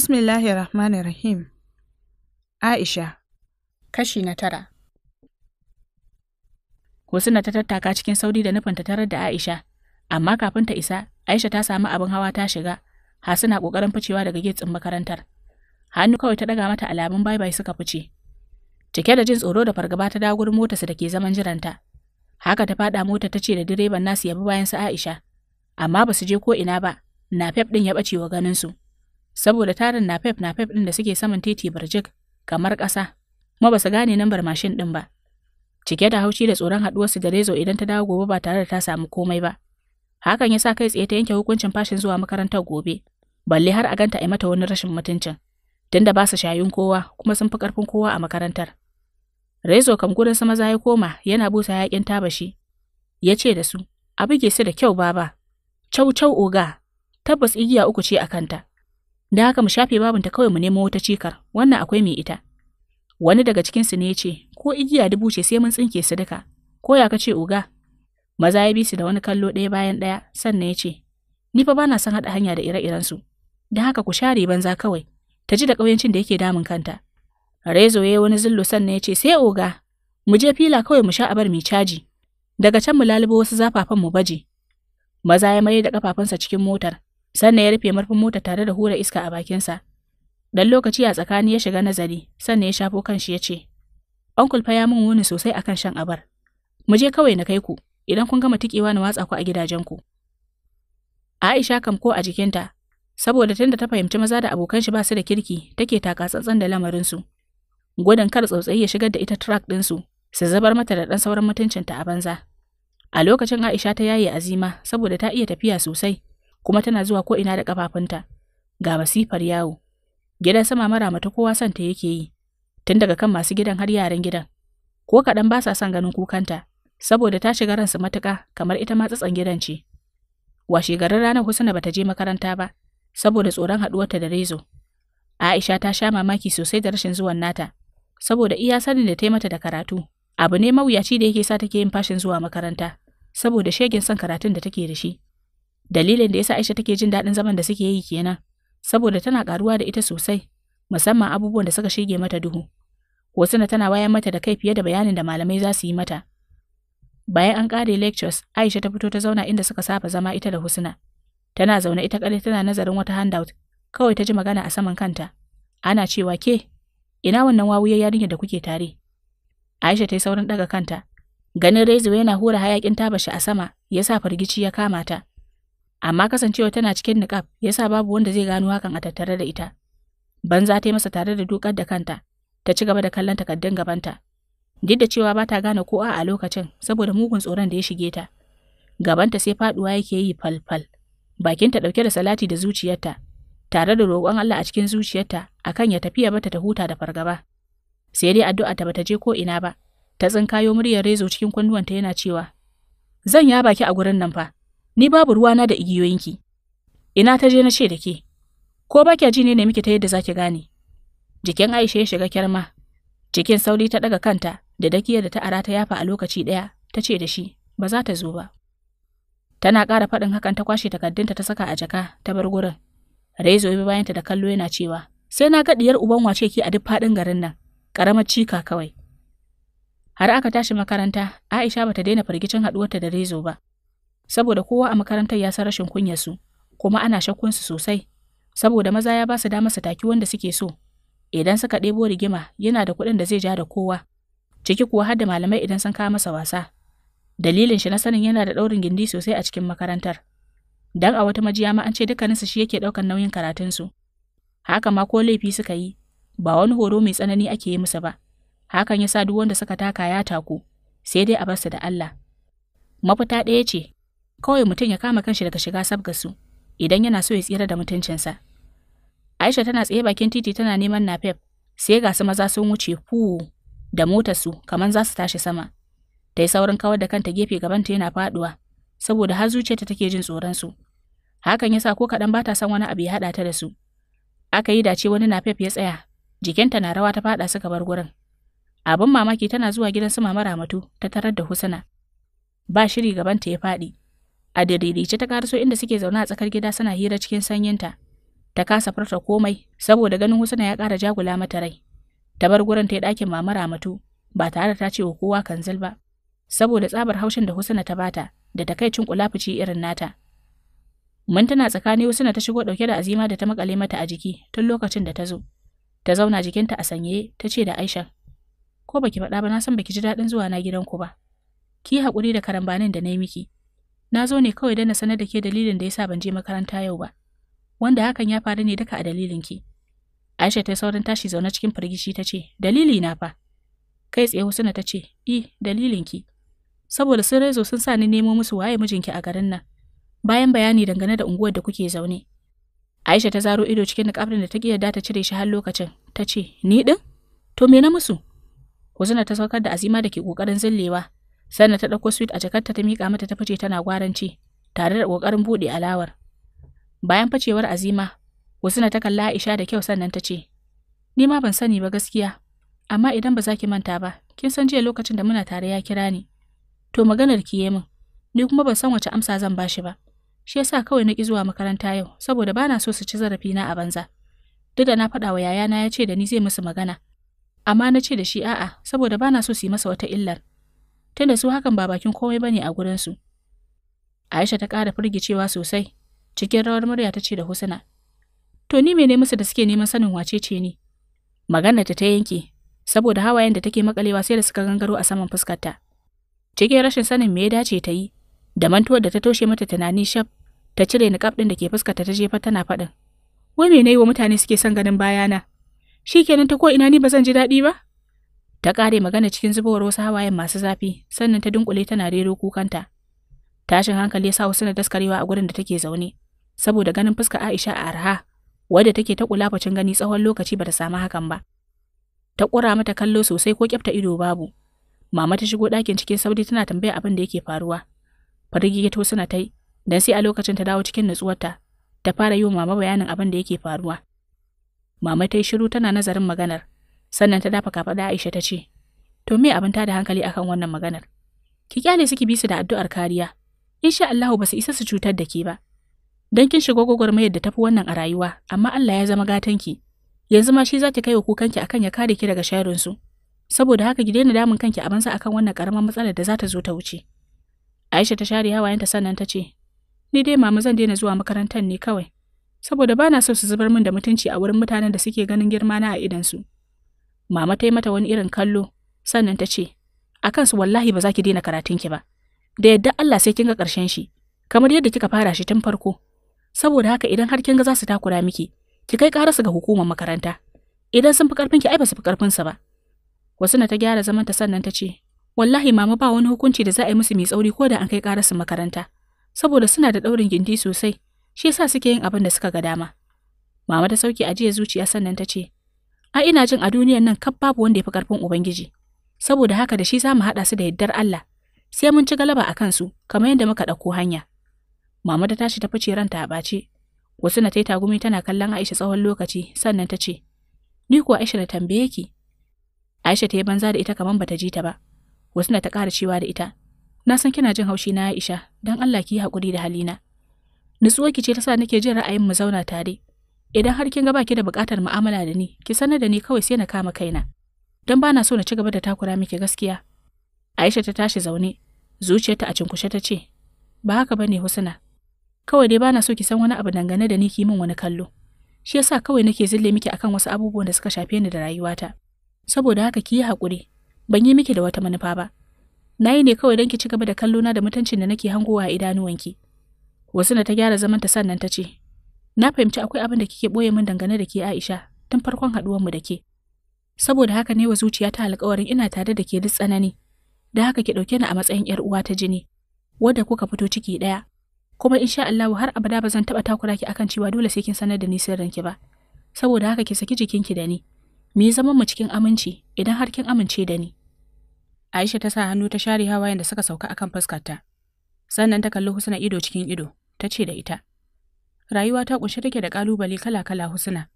Bismillahirrahmanirrahim Aisha, kashi na tara. Husna ta tattaka cikin sauri da nufin ta tarar da Aisha, amma kafin ta isa, Aisha ta samu abin hawa ta shiga, Hasina ƙoƙarin ficewa daga getsin makarantar. Hannu kawai ta ɗaga mata alamun bai bai suka fice. Cike da jin tsoro da fargaba ta dawo gurin motarsa da ke zaman jiranta. Haka ta faɗa mota ta ce da direban nasu ya bi bayan su Aisha, amma ba su je ko ina ba, na fef ɗin ya ɓace wa ganin su. saboda tarin nafef nafef ɗin da suke saman titi barjik kamar ƙasa, kuma ba su gane nambar mashin ɗin ba. Cike da haushi da tsoron haɗuwarsu da Rezo idan ta dawo gobe ba tare da ta samu komai ba. Hakan ya sa kai tsaye ta yanke hukuncin fashin zuwa makarantar gobe, balle har a ganta a mata wani rashin mutuncin, tunda ba su shayun kowa kuma sun fi ƙarfin kowa a makarantar. Rezo kam gurin su maza ya koma yana busa yaƙin tabashi. Ya ce da su, a buge su da kyau baba, cau cau oga, tabbas igiya uku ce a kanta. Da haka mu shafe babunta kawai mu nemo wata cikar, wannan akwai mai ita. Wani daga cikinsu ne ya ce, ko igiya dubu ce sai mun tsinke su duka, ko ya ka uga. Maza ya bi su da wani kallo ɗaya bayan ɗaya, sannan ya ce, ni fa bana son haɗa hanya da ire iren su. da haka ku share banza kawai, ta ji da ƙauyancin da yake damun kanta. Rezo ya yi wani zillo sannan ya ce, sai oga, mu je fila kawai mu sha abar mai caji, daga can mu lalubo wasu zafafan mu baje. Maza ya mayar da ƙafafunsa cikin motar, sannan ya rufe murfin mota tare da hura iska a bakinsa. Dan lokaci a tsakani ya shiga nazari, sannan ya shafo kanshi ya ce, Uncle fa ya mun wuni sosai akan shan abar. Mu je kawai na kai ku, idan kun gama tikewa na watsa ku a gidajen ku. Aisha kam ko a jikinta, saboda tunda ta fahimci maza da abokan shi ba su da kirki, take taka tsantsan da lamarinsu. Gwadon kar tsautsayi ya shigar da ita track ɗinsu, su zabar mata da ɗan sauran mutuncinta a banza. A lokacin Aisha ta yaye azima saboda ta iya tafiya sosai, kuma tana zuwa ko ina da kafafunta ga masifar yawo gidan sama mara mata kowa son ta yake yi tun daga kan masu gidan har yaran gidan ko kaɗan ba sa son ganin kukanta saboda ta shiga ransu matuka, kamar ita ma tsatsan gidan ce Wa garin ranar husna bata je makaranta ba saboda tsoron ta da rezo aisha ta sha mamaki sosai da rashin zuwan nata saboda iya sanin da ta mata da karatu abu ne mawuyaci da yake sa take yin fashin zuwa makaranta saboda shegen son karatun da take da shi Dalilin da yasa Aisha take jin daɗin zaman da suke yi kenan, saboda tana ƙaruwa da ita sosai, musamman abubuwan da suka shige mata duhu. suna tana wayan mata da kai fiye da bayanin da malamai za su yi mata. Bayan an ƙare lectures, Aisha ta fito ta zauna inda suka saba zama ita da Husna. Tana zaune ita kaɗai tana nazarin wata handout, kawai ta ji magana a saman kanta. Ana cewa ke, ina wannan wawuyar yarinya da kuke tare? Aisha ta yi saurin ɗaga kanta, Ganin Rezo yana hura hayakin tabashi a sama, ya sa firgici ya kama ta. amma kasancewa tana cikin niƙab ya sa babu wanda zai gano hakan a tattare da ita. Banza ta yi masa tare da dukar da kanta, ta ci gaba da kallon takardun gabanta. Duk da cewa ba ta gane ko a lokacin saboda mugun tsoron da ya shige ta. Gabanta sai faɗuwa yake yi falfal, bakinta dauke da salati da zuciyarta, tare da roƙon Allah a cikin zuciyarta akan ya tafiya bata ta huta da fargaba. Sai dai addu'a ta bata je ko ina ba, ta tsinkayo muryar rezo cikin kunnuwanta yana cewa, Zan ya baki a gurin nan fa, Ni babu ruwana da igiyoyinki. Ina ta je na ce da ke, ko ba ji ne ne miki ta yadda za ki gane. Jikin Aisha ya shiga kyarma, cikin sauri ta ɗaga kanta da dakiyar da ta ara ta yafa a lokaci ɗaya ta ce da shi ba za ta zo ba. Tana ƙara faɗin hakan ta kwashe takardunta ta saka a jaka ta bar gurin. Rezo ya bayanta da kallo yana cewa sai na ga ɗiyar uban wace ki a duk faɗin garin nan, ƙaramar cika kawai. Har aka tashi makaranta, Aisha bata daina firgicin haɗuwarta da Rezo ba. saboda kowa a makarantar ya san rashin su, kuma ana shakkunsu sosai, saboda maza ya ba su damar su taki wanda suke so. Idan suka ɗebo rigima yana da kuɗin da zai ja da kowa, ciki kuwa har da malamai idan sun kawo masa wasa. Dalilin shi na sanin yana da ɗaurin gindi sosai a cikin makarantar. Dan a wata majiya ma an ce dukkaninsu shi yake ɗaukar nauyin karatunsu. Haka ma ko laifi suka yi, ba wani horo mai tsanani ake yi musu ba. Hakan ya sa duk wanda suka taka ya taku, sai dai a bar su da Allah. Mafita ɗaya ce, Kawai mutum ya kama kanshi daga shiga sabgasu idan yana so ya tsira da mutuncinsa. Aisha tana tsaye bakin titi tana neman Nafef, sai ga su maza sun wuce fu da motar su kamar za su tashi sama. Ta yi saurin kawar da kanta gefe gabanta yana faduwa, saboda har zuciyarta take jin tsoron su. Hakan yasa ko kaɗan bata san wani abu ya haɗa ta da su. Aka yi dace wani Nafef ya tsaya, jikinta na rawa ta faɗa suka bar gurin. Abin mamaki tana zuwa gidan su mama Ramatu ta tarar da husana. Ba shiri gabanta ya faɗi. A daidaice ta karaso inda suke zaune a tsakar gida suna hira cikin sanyinta. Ta kasa farta komai saboda ganin Husna ya kara jagula mata rai. Ta bar gurin ta ɗakin mama Ramatu ba tare da ta ce wa kowa kanzil ba. Saboda tsabar haushin da Husna ta bata da takaicin kulafici irin nata. Mun tana tsakani Husna ta shigo ɗauke da azima da ta makale mata a jiki tun lokacin da ta zo. Ta zauna jikinta a sanye ta ce da Aisha. Ko baki faɗa ba na san baki ji daɗin zuwa na gidanku ba. Ki haƙuri da karambanin da na yi miki. Na zo ne kawai don na sanar da ke dalilin da yasa ban je makaranta yau ba. Wanda hakan ya faru ne duka a dalilin ki. Aisha ta saurin tashi zaune cikin firgici ta ce, "Dalili na fa." Kai tsaye Husna ta ce, "I, e, dalilin ki." Saboda sun rezo sun sa ni nemo musu waye mijinki a garin nan. Bayan bayani dangane da unguwar da kuke zaune. Aisha ta zaro ido cikin nakabrin da ta yarda ta cire shi har lokacin, ta ce, "Ni din? To me na musu?" Husna ta saukar da azima da ke ƙoƙarin zillewa, sannan ta ɗauko sweet a jakarta ta miƙa mata ta fice tana gwaranci tare da ƙoƙarin buɗe alawar. Bayan facewar azima, na ta kalla Aisha da kyau sannan ta ce, Ni ma ban sani ba gaskiya, amma idan ba za ki manta ba, kin san jiya lokacin da muna tare ya kira ni. To maganar ki min, ni kuma ban san wace amsa zan ba shi ba. Shi yasa kawai na ki zuwa makaranta yau, saboda bana so su ci zarafina a banza. Duk da na faɗa wa yayana ya ce da ni zai musu magana. Amma na ce da shi a'a, saboda bana so su yi masa wata illar. tunda su hakan ba bakin komai bane a gurinsu. Aisha ta ƙara firgicewa sosai, cikin rawar murya ta ce da Husna. To ni mene musu da suke neman sanin wace ce ni? Maganar ta ta yanke, saboda hawayen da take makalewa sai da suka gangaro a saman fuskarta. Cikin rashin sanin me ya dace ta yi, da mantuwar da ta toshe mata tunani shaf, ta cire niƙaf ɗin da ke fuskarta ta jefa tana faɗin. Wai me na yi wa mutane suke son ganin bayana? Shi kenan ta ko ina ni ba zan ji daɗi ba? Ta kare magana cikin zubowar wasu hawayen masu zafi, sannan ta dunkule tana da rero kukanta. Tashin hankali ya sa wasu na daskarewa a gurin da take zaune, saboda ganin fuska Aisha a arha, wadda take ta kula facin gani tsawon lokaci ba ta samu hakan ba. Ta ƙura mata kallo sosai ko kyafta ido babu. Mama ta shigo ɗakin cikin sauri tana tambaya abin da yake faruwa. to suna ta yi, dan sai a lokacin ta dawo cikin nutsuwarta, ta fara yi wa mama bayanin abin da yake faruwa. Mama ta yi shiru tana nazarin maganar, sannan ta dafa kafaɗa Aisha ta ce, To me abin ta da hankali akan wannan maganar? Ki kyale suki bi su da addu'ar kariya, insha Allahu ba su isa su cutar da ke ba. Don kin shiga gwagwarmayar da tafi wannan a rayuwa, amma Allah ya zama gatanki. Yanzu ma shi za ki kai wa kukanki akan ya kare ki daga sharinsu. Saboda haka ki daina damun kanki a banza akan wannan karamar matsalar da za ta zo ta wuce. Aisha ta share hawayenta sannan ta ce, Ni dai mama zan daina zuwa makarantar ne kawai, saboda bana so su zubar min da mutunci a wurin mutanen da suke ganin girma na a idansu. Mama ta yi mata wani irin kallo, sannan ta ce, A kansu wallahi ba za ki daina karatunki ba, da yadda Allah sai kin ga ƙarshen shi, kamar yadda kika fara shi tun farko. Saboda haka idan har kin ga za su takura miki, ki kai ƙararsu ga hukumar makaranta. Idan sun fi ƙarfinki ai ba su fi ƙarfinsa ba. Wasu na ta gyara zamanta sannan ta ce, Wallahi mama ba wani hukunci da za a yi musu mai tsauri ko da an kai ƙararsu makaranta, saboda suna da ɗaurin gindi sosai, shi yasa suke yin abin da suka ga dama. Mama ta sauke ajiye zuciya sannan ta ce, ai ina jin a duniyan nan kaf babu wanda ya fi ƙarfin Ubangiji, saboda haka da shi za mu haɗa su da yardar Allah, sai mun ci galaba a kansu kamar yadda muka ɗauko hanya. Mama ta tashi ta fice ranta a ɓace, wasu na ta yi tagumi tana kallon Aisha tsawon lokaci sannan ta ce, Ni kuwa Aisha na tambaye ki. Aisha ta yi banza da ita kamar bata ji ta ba, wasu na ta ƙara cewa da ita, Na san kina jin haushi na Aisha, dan Allah ki yi haƙuri da halina. Nutsuwa ki ce ta sa nake jin ra'ayin mu zauna tare, Idan har kin ga baki da buƙatar mu'amala da ni, ki sanar da ni kawai sai na kama kaina. Don ba na so na ci gaba da takura miki gaskiya. Aisha ta tashi zaune, zuciyarta a cinkushe ta ce, Ba haka ba ne Husna. Kawai dai ba na so ki san wani abu dangane da ni ki min wani kallo. Shi yasa kawai nake zille miki akan wasu abubuwan da suka shafe ni da rayuwata. Saboda haka ki yi haƙuri, ban yi miki da wata manufa ba. Na yi ne kawai don ki ci gaba da kallona da mutuncin da nake hangowa a idanuwanki. Wasu na ta gyara zamanta sannan ta ce, Na fahimci akwai abin da kike boye min dangane da ke Aisha tun farkon haɗuwar mu da ke. Saboda haka ne wa zuciya ta alƙawarin ina tare da ke duk tsanani. Da haka ki ɗauke ni a matsayin 'yar uwa ta jini, wadda kuka fito ciki ɗaya. kuma insha Allahu har abada ba zan taba takura ki akan cewa dole sai kin sanar da ni sirrin ki ba saboda haka ki saki jikinki da ni Me zaman mu cikin aminci idan har kin amince da ni Aisha ta sa hannu ta share hawayen da suka sauka akan fuskarta sannan ta kalli Husna ido cikin ido ta ce da ita Rayuwa ta kunshi take da kalubale kala-kala husuna.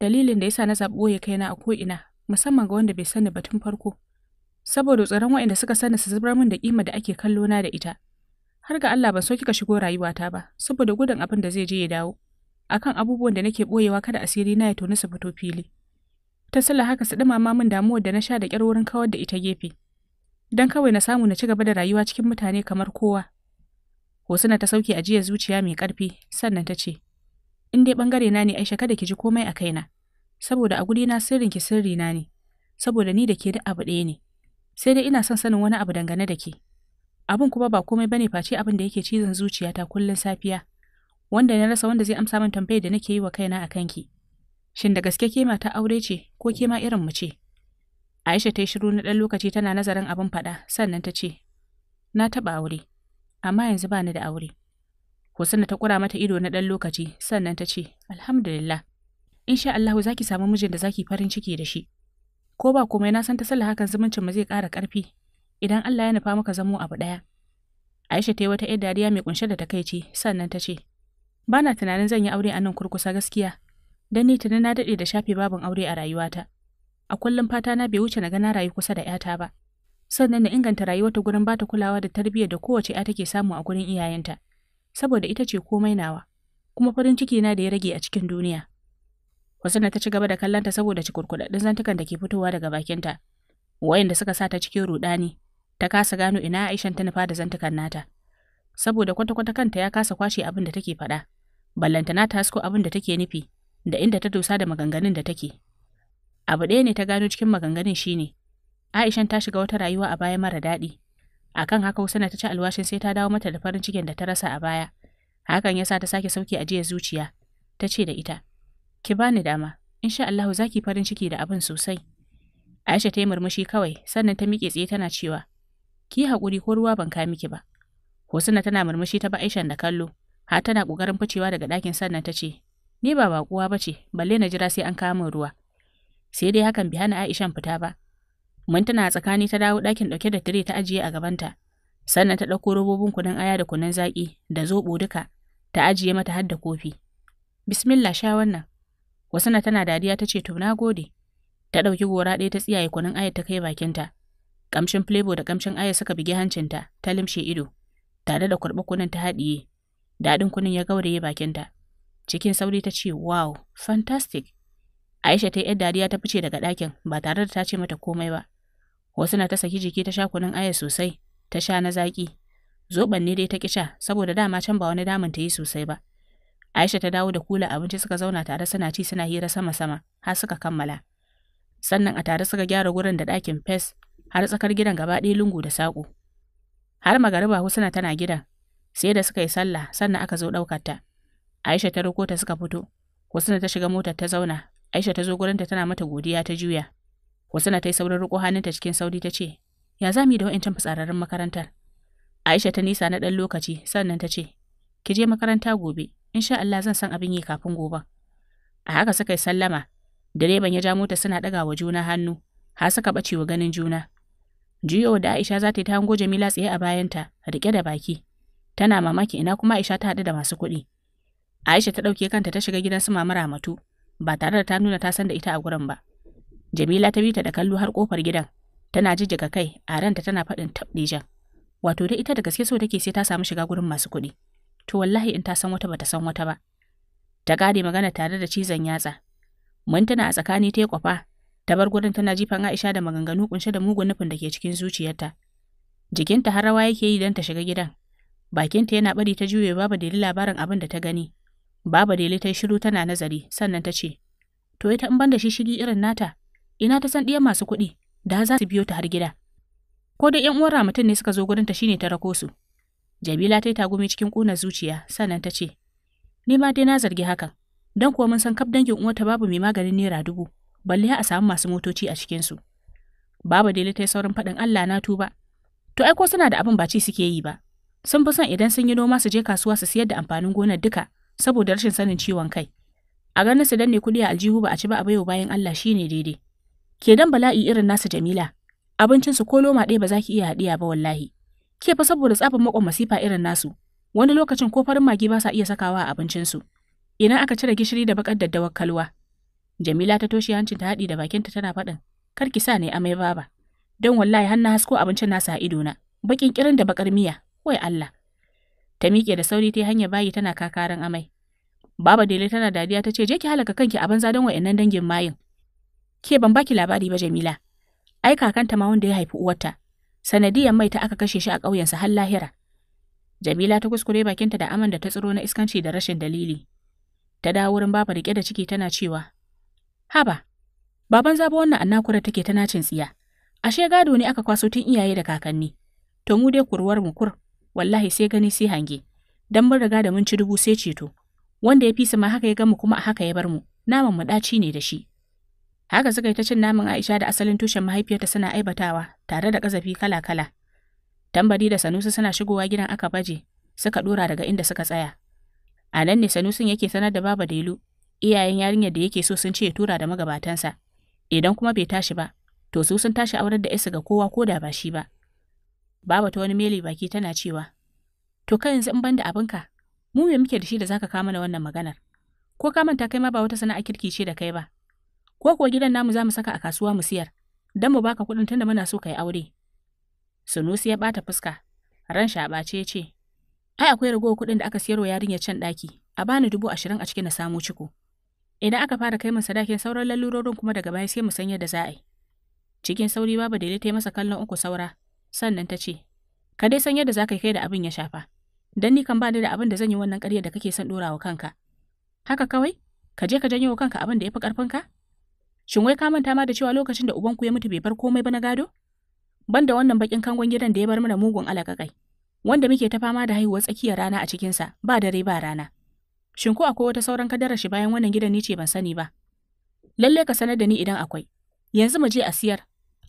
Dalilin da yasa na zaɓi ɓoye na a ko'ina, musamman ga wanda bai sani ba tun farko. Saboda tsoron waɗanda suka sani su zubar min da ƙima da ake kallo na da ita. Har ga Allah ban so kika shigo rayuwata ba, saboda gudun abin da zai je ya dawo. Akan abubuwan da nake ɓoyewa kada asiri na ya tona su fito fili. Ta sallah haka su ɗumama min damuwar da na sha da ƙyar wurin kawar da ita gefe. dan kawai na samu na ci gaba da rayuwa cikin mutane kamar kowa. Hosuna ta sauke ajiyar zuciya mai ƙarfi, sannan ta ce, In dai ɓangare na ne Aisha kada ki ji komai a kaina, saboda a guri na sirrin ki sirri na ne, saboda ni da ke da abu ɗaya ne. Sai dai ina son sanin wani abu dangane da ke. Abin kuma ba komai bane face abin da yake cizon zuciyata kullum safiya, wanda na rasa wanda zai amsa min tambayar da nake yi wa kaina a kanki. Shin da gaske ke ta aure ce ko ke ma irin mu ce? Aisha ta yi shiru na ɗan lokaci tana nazarin abin faɗa, sannan ta ce, Na taɓa aure. amma yanzu ba ni da aure. Hussaina ta kura mata ido na ɗan lokaci sannan ta ce, Alhamdulillah, in sha Allahu za ki samu mijin da za ki farin ciki da shi. Ko ba komai na san ta sallah hakan zumuncin mu zai ƙara ƙarfi idan Allah ya nufa muka zamo abu ɗaya. Aisha ta yi wata ‘yar dariya mai kunshe da takaici sannan ta ce, Ba na tunanin zan yi aure a nan kurkusa gaskiya, don ni tuni na daɗe da shafe babin aure a rayuwata. A kullum fata na bai wuce na ga na rayu kusa da ‘yata ba. sannan na inganta rayuwarta gurin ba ta kulawa da tarbiyyar da kowace ya take samu a gurin iyayenta saboda ita ce komai nawa kuma farin ciki na da ya rage a cikin duniya Hosanna ta ci gaba da kallonta saboda cikurkudaddun zantukan da ke fitowa daga bakinta wayanda suka sa ta cikin rudani ta kasa gano ina Aishan ta nufa da zantukan nata saboda kwata-kwata kanta ya kasa kwashe abin da take faɗa ballanta na ta hasko abin da take nufi da inda ta dosa da maganganun da take abu ɗaya ne ta gano cikin maganganun shine Aishan ta shiga wata rayuwa a baya mara daɗi. Akan haka Usaina ta ci alwashin sai ta dawo mata da farin cikin da ta rasa a baya. Hakan sa ta sake sauki ajiya zuciya. Ta ce da ita, "Ki bani dama, insha Allahu za ki farin ciki da abin sosai." Aisha ta yi murmushi kawai, sannan ta miƙe tsaye tana cewa, "Ki haƙuri ko ruwa ban ka miki ba." Husna tana murmushi ta ba Aishan da kallo, har tana ƙoƙarin ficewa daga ɗakin sannan ta ce, "Ni ba baƙuwa ba ce, balle na jira sai an kawo min ruwa." Sai dai hakan bai hana Aishan fita ba, Mun Mintuna tsakani ta dawo ɗakin ɗauke da tire ta ajiye a gabanta. Sannan ta ɗauko robobin kunun aya da kunun zaki da zoɓo duka ta ajiye mata har da kofi. Bismillah sha wannan. Wasana tana dariya ta ce to na gode. Ta ɗauki gora ɗaya ta tsiyaye kunun aya ta kai bakinta. Kamshin flebo da kamshin aya suka bigi hancinta ta limshe ido. Tare da kurɓa kunun ta haɗiye. Daɗin kunun ya gauraye bakinta. Cikin sauri ta ce wow fantastic. Aisha ta yi ‘yar dariya ta fice daga ɗakin ba tare da ta ce mata komai ba. Wasu na ta saki jiki ta sha kunun aya sosai, ta sha na zaƙi. Zoɓan ne dai ta ƙi sha, saboda dama can ba wani damun ta yi sosai ba. Aisha ta dawo da kula abinci suka zauna tare suna ci suna hira sama-sama, har suka kammala. Sannan a tare suka gyara gurin da ɗakin fes, har tsakar gidan gaba ɗaya lungu da saƙo. Har magariba Husna tana gidan, sai da suka yi sallah sannan aka zo ɗaukar ta. Aisha ta roko ta suka fito, Husna ta shiga motar ta zauna, Aisha ta zo gurinta tana mata godiya ta juya. Husna ta yi saurin riko hannunta cikin sauri ta ce, Ya za mu da wa'incan fitsararren makarantar? Aisha ta nisa na ɗan lokaci sannan ta ce, Ki je makaranta gobe, In sha Allah zan san abin yi kafin goben. A haka suka yi sallama, direban ya ja mota suna ɗaga wa juna hannu, har suka ɓace wa ganin juna. Jiyo da Aisha za ta yi ta hango Jamila tsaye a bayanta, riƙe da baki. Tana mamaki ina kuma Aisha ta haɗu da masu kuɗi. Aisha ta ɗauke kanta ta shiga gidan su mamara Ramatu, ba tare da ta nuna ta san da ita a gurin ba. Jamila ta bi ta da kallo har kofar gidan. Tana jijjiga kai a ranta tana faɗin tabdijan. Wato da ita da gaske so take sai ta samu shiga gurin masu kuɗi. To wallahi in ta san wata bata san wata ba. Ta kare magana tare da cizon yatsa. tana a tsakani ta yi kwafa ta bar gurin tana jifan Aisha da maganganu kunshe da mugun nufin da ke cikin zuciyarta. Jikinta har rawa yake yi don ta shiga gidan. Bakinta yana bari ta juye babu Delu labarin abin da ta gani. Babu Delu ta shiru tana nazari sannan ta ce, To ita in ban da shi shiri irin nata, ina ta san ɗiyan masu kuɗi da za su biyo ta har gida. Ko da ‘yan uwan mutum ne suka zo ta shine ta rako su. Jamila ta yi tagumi cikin ƙunar zuciya sannan ta ce, Ni ma dai na zargi hakan, don kuwa mun san kaf dangin ta babu mai maganin naira dubu, balle a samu masu motoci a cikinsu. Baba Dele ta yi saurin faɗin Allah na tuba. To ai ko suna da abin ba ci suke yi ba. Sun fi son idan sun yi noma su je kasuwa su siyar da amfanin gonar duka saboda rashin sanin ciwon kai. A ganin su danne kuɗi a aljihu ba a ci ba a bayo bayan Allah shine daidai. Ke dan bala'i irin nasa Jamila, abincinsu ko loma ɗaya ba za ki iya haɗiya ba wallahi. Ke fa saboda tsafin makon masifa irin nasu, wani lokacin ko farin magi ba sa iya sakawa a abincin su Ina aka cire gishiri da bakar daddawar kalwa. Jamila ta toshe hancin ta haɗi da bakinta tana faɗin, kar ki sa ne amai baba. Don wallahi har na hasko abincin nasa a idona, bakin kirin da bakar miya, wai Allah. Ta miƙe da sauri ta hanyar bayi tana kakarin amai. Baba Dele tana dadiya ta ce je ki halaka kanki a banza don wa'annan dangin mayin. Ke ban baki labari ba Jamila. Ai kakanta ma wanda ya haifi uwarta. Sanadiyan ta aka kashe shi a ƙauyensa har lahira. Jamila ta kuskure bakinta da aman da ta tsiro na iskanci da rashin dalili. Ta dawo wurin baba rike da ciki tana cewa, Haba, baban zaba wannan annakura take ta cin tsiya. Ashe gado ne aka kwaso tun iyaye da kakanni. To mu dai kurwar mu kur, wallahi sai gani sai hange. Dan mun riga da mun ci dubu sai ceto. Wanda ya fi ma haka ya gamu kuma a haka ya bar mu. Naman mu ɗaci ne da shi. Haka suka yi ta cin namun Aisha da asalin tushen mahaifiyarta suna aibatawa tare da ƙazafi kala-kala. Tambari da Sanusi suna shigowa gidan aka baje, suka ɗora daga inda suka tsaya. A nan ne Sanusin yake sanar da Baba Delu, iyayen yarinyar da yake so sun ce ya tura da magabatansa. Idan kuma bai tashi ba, to su sun tashi aurar da Isa ga kowa ko da ba shi ba. Baba ta wani meli baki tana cewa, To ka yanzu in ban da abinka, mu me muke da shi da zaka kama mana wannan maganar? Ko ka manta kai ma ba wata sana'a kirki ce da kai ba, ko kuwa gidan namu za mu saka a kasuwa mu siyar don mu baka kuɗin tunda muna so ka yi aure. Sunusi ya bata fuska, ran shaɓace ya ce, Ai akwai ragowar kuɗin da aka siyar wa yarinyar can ɗaki, a bani dubu ashirin a cikin na samu ciko. Idan aka fara kai min sadakin sauran lalurorin kuma daga baya sai mu san yadda za a yi. Cikin sauri babu da ta yi masa kallon uku saura, sannan ta ce, Ka dai san yadda za ka kai da abin ya shafa, don ni kan bani da abin da zan yi wannan ƙarya da kake son ɗora wa kanka. Haka kawai, ka je ka janyo wa kanka abin da ya fi ƙarfinka? Shin wai ka manta ma da cewa lokacin da ubanku ya mutu bai bar komai ba na gado? Ban da wannan bakin kangon gidan da ya bar mana mugun alakakai, wanda muke ta fama da haihuwar tsakiyar rana a cikinsa ba dare ba rana. Shin ko akwai wata sauran kadara shi bayan wannan gidan ni ce ban sani ba? Lalle ka sanar da ni idan akwai. Yanzu mu je a siyar.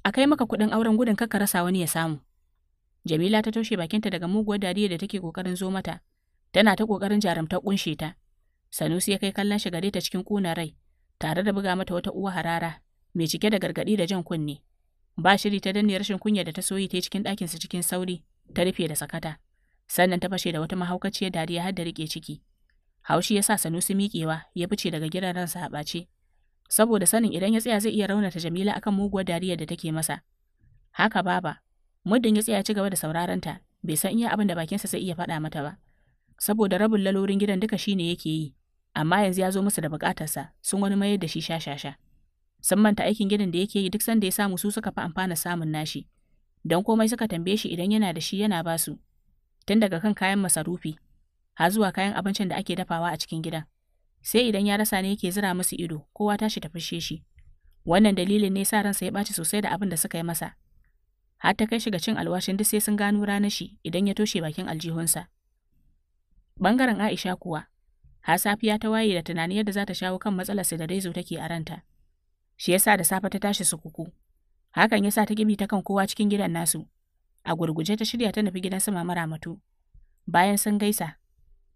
A kai maka kuɗin auren gudun kakka rasa wani ya samu. Jamila ta toshe bakinta daga muguwar dariya da take kokarin zo mata. Tana ta kokarin jarumtar kunshe ta. Sanusi ya kai kallon shi gare ta cikin kuna rai. tare da buga mata wata uwa harara mai cike da gargaɗi da jan kunne. Ba shiri ta danne rashin kunya da ta soyi ta cikin ɗakinsa cikin sauri, ta rufe da sakata. Sannan ta fashe da wata mahaukaciyar dariya har da riƙe ciki. Haushi ya sa Sanusi miƙewa ya fice daga gidan ransa a ɓace. Saboda sanin idan ya tsaya zai iya raunata Jamila akan muguwar dariyar da take masa. Haka baba, muddin ya tsaya ci gaba da sauraronta, bai san iya abin da bakinsa zai iya faɗa mata ba. Saboda rabin lalorin gidan duka shine yake yi, amma yanzu ya zo musu da bukatarsa sun wani mayar da shi sha-sha-sha. Sun manta aikin gidan da yake yi duk sanda ya samu su suka fi amfana samun nashi, don komai suka tambaye shi idan yana da shi yana ba su, tun daga kan kayan masarufi, har zuwa kayan abincin da ake dafawa a cikin gidan. Sai idan ya rasa ne yake zira musu ido, kowa tashi ta fishe shi. Wannan dalilin ne sa ransa ya ɓaci sosai da abin da suka yi masa. Har ta kai shi ga cin alwashin duk sai sun gano ranar shi idan ya toshe bakin aljihunsa. Bangaren Aisha kuwa, Har safiya ta waye da tunani yadda za ta shawo kan matsalar da Rezo take a ranta. Shi yasa da safe ta tashi sukuku. Hakan yasa ta gibi ta kan kowa cikin gidan nasu. A gurguje ta shirya ta nufi gidan sama mara Ramatu. Bayan sun gaisa,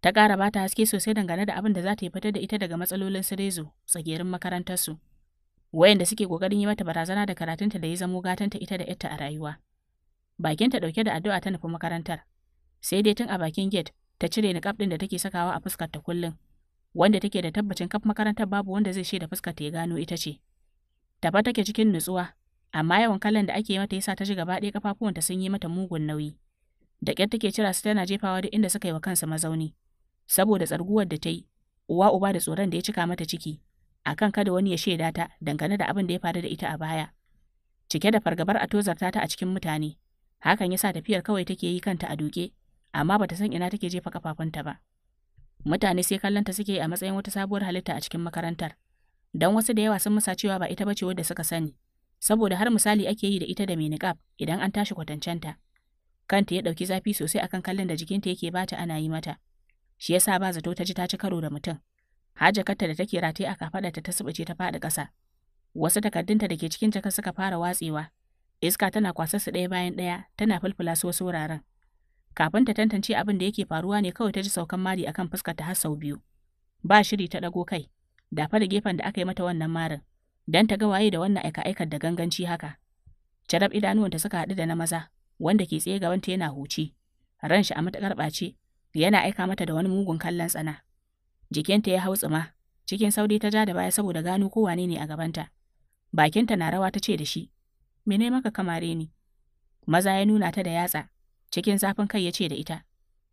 ta ƙara ba ta haske sosai dangane da abin da za ta yi fitar da ita daga matsalolin su Rezo tsagerin makarantarsu. Wayanda suke ƙoƙarin yi mata barazana da karatunta da ya zamo gatanta ita da ‘yarta a rayuwa. Bakinta ɗauke da addu'a ta nufi makarantar. Sai dai tun a bakin gate, ta cire niƙaf ɗin da take sakawa a fuskar ta kullum, wanda take da tabbacin kaf makarantar babu wanda zai shaida fuskar ta ya gano ita ce. Tafa take cikin nutsuwa, amma yawan kallon da ake mata yasa ta ji gaba ɗaya ta sun yi mata mugun nauyi. Da ƙyar take cira su tana jefawa duk inda suka yi wa kansa mazauni, saboda tsarguwar da ta yi, uwa uba da tsoron da ya cika mata ciki, akan kada wani ya shaida ta dangane da abin da ya faru da ita a baya. Cike da fargabar a tozarta ta a cikin mutane, hakan yasa tafiyar kawai take yi kanta a duke, amma bata san ina take jefa kafafunta ba. Mutane sai kallonta suke a matsayin wata sabuwar halitta a cikin makarantar, don wasu da yawa sun musa cewa ba ita bace wadda suka sani, saboda har misali ake yi da ita da mai idan an tashi kwatancenta. Kanta ya ɗauki zafi sosai akan kallon da jikinta yake bata ana yi mata. Shi yasa ba zato ta ji ta ci karo da mutum. Hajakarta da take rataye a kafaɗarta ta subuce ta faɗi kasa Wasu takardunta da ke cikin jaka suka fara watsewa. Iska tana kwasar su ɗaya bayan ɗaya tana fulfula su wasu wuraren. Kafin ta tantance abin da yake faruwa ne kawai ta ji saukan mari akan fuskar ta har sau biyu. Ba shiri ta dago kai, da da gefen da aka yi mata wannan marin, dan ta ga waye da wannan aika-aikar da ganganci haka. Carab idanuwanta suka haɗu da na maza, wanda ke tsaye gabanta yana huci, ran shi a matuƙar ɓace, yana aika mata da wani mugun kallon tsana. Jikinta ya hau tsima, cikin saudi ta ja da baya saboda gano ko wane ne a gabanta. Bakinta na rawa ta ce da shi, mene maka kamare ni? Maza ya nuna ta da yatsa, Cikin zafin kai ya ce da ita,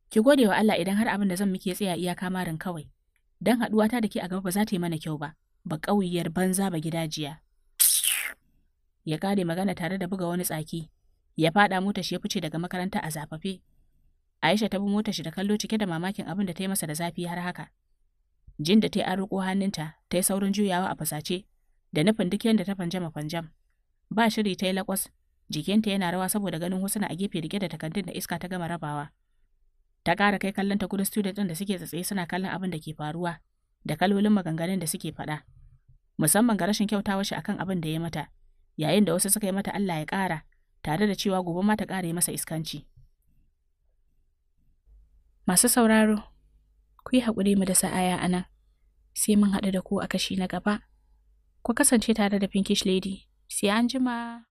Ki gode wa Allah idan har abin da zan muke tsaya iyaka marin kawai, don haɗuwa ta da ke a gaba ba za ta yi mana kyau ba, ba ƙauyiyar banza ba gida jiya. Ya kare magana tare da buga wani tsaki, ya faɗa mota shi ya fice daga makaranta a zafafe. Aisha ta bi mota shi da kallo cike da mamakin abin da ta yi masa da zafi har haka. Jin da ta yi aruko hannunta, ta yi saurin juyawa a fasace, da nufin duk yadda ta fanjama fanjam. Ba shiri ta yi lakwas, Jikinta yana rawa saboda ganin husuna a gefe rike da takardun da iska ta gama rabawa. Ta ƙara kai kallon ta gudun student da suke tsatsaye suna kallon abin da ke faruwa da kalolin maganganun da suke faɗa. Musamman ga rashin kyautawar shi akan abin da ya mata, yayin da wasu suka yi mata Allah ya ƙara, tare da cewa gobe ma ta ƙara masa iskanci. Masu sauraro, ku yi haƙuri mu da sa'aya a nan, sai mun haɗu da ku a kashi na gaba. Ku kasance tare da Pinkish Lady, sai an jima.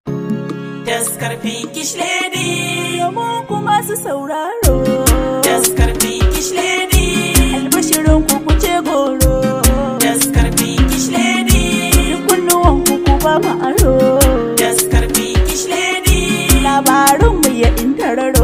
Taskar Pinkish Lady. Domin ku masu sauraro. Taskar Pinkish Albashirin ku kuce goro. Taskar Pinkish Lady. ku ku ba mu aro. Taskar Pinkish Labarin mu ya intararo.